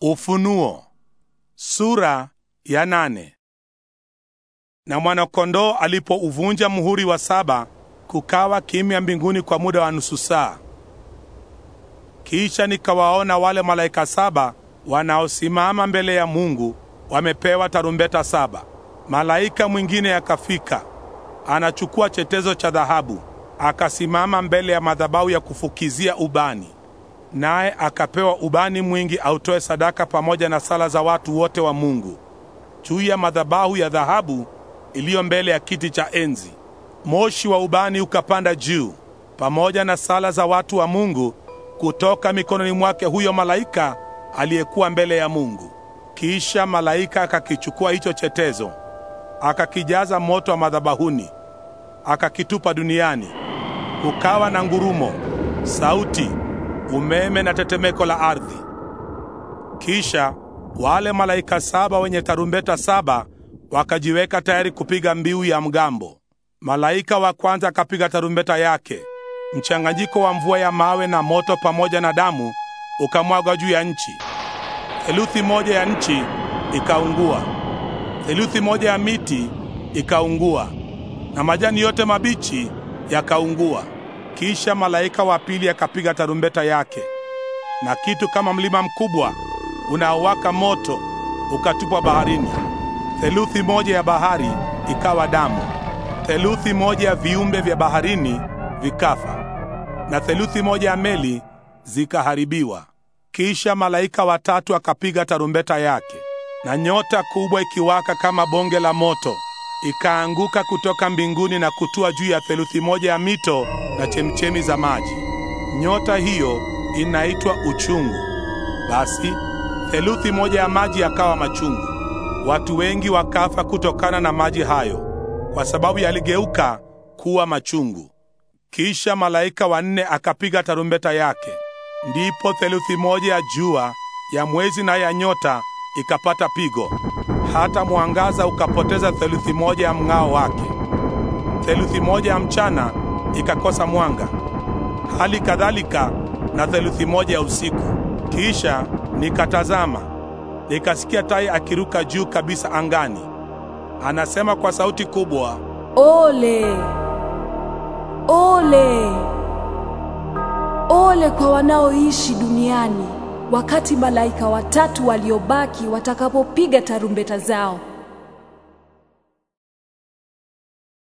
Ufunuo sura ya nane. Na mwanakondoo alipouvunja muhuri wa saba, kukawa kimya mbinguni kwa muda wa nusu saa. Kisha nikawaona wale malaika saba wanaosimama mbele ya Mungu, wamepewa tarumbeta saba. Malaika mwingine akafika, anachukua chetezo cha dhahabu, akasimama mbele ya madhabahu ya kufukizia ubani naye akapewa ubani mwingi autoe sadaka pamoja na sala za watu wote wa Mungu juu ya madhabahu ya dhahabu iliyo mbele ya kiti cha enzi. Moshi wa ubani ukapanda juu pamoja na sala za watu wa Mungu kutoka mikononi mwake huyo malaika aliyekuwa mbele ya Mungu. Kisha malaika akakichukua hicho chetezo, akakijaza moto wa madhabahuni, akakitupa duniani. Kukawa na ngurumo, sauti umeme na tetemeko la ardhi. Kisha wale malaika saba wenye tarumbeta saba wakajiweka tayari kupiga mbiu ya mgambo. Malaika wa kwanza akapiga tarumbeta yake, mchanganyiko wa mvua ya mawe na moto pamoja na damu ukamwagwa juu ya nchi. Theluthi moja ya nchi ikaungua, theluthi moja ya miti ikaungua, na majani yote mabichi yakaungua. Kisha malaika wa pili akapiga tarumbeta yake, na kitu kama mlima mkubwa unaowaka moto ukatupwa baharini. Theluthi moja ya bahari ikawa damu, theluthi moja ya viumbe vya baharini vikafa, na theluthi moja ya meli zikaharibiwa. Kisha malaika watatu akapiga tarumbeta yake, na nyota kubwa ikiwaka kama bonge la moto ikaanguka kutoka mbinguni na kutua juu ya theluthi moja ya mito na chemchemi za maji. Nyota hiyo inaitwa Uchungu. Basi theluthi moja ya maji yakawa machungu. Watu wengi wakafa kutokana na maji hayo, kwa sababu yaligeuka kuwa machungu. Kisha malaika wanne akapiga tarumbeta yake, ndipo theluthi moja ya jua, ya mwezi na ya nyota ikapata pigo hata mwangaza ukapoteza theluthi moja ya mng'ao wake. Theluthi moja ya mchana ikakosa mwanga, hali kadhalika na theluthi moja ya usiku. Kisha nikatazama, nikasikia tai akiruka juu kabisa angani, anasema kwa sauti kubwa, ole ole ole kwa wanaoishi duniani wakati malaika watatu waliobaki watakapopiga tarumbeta zao.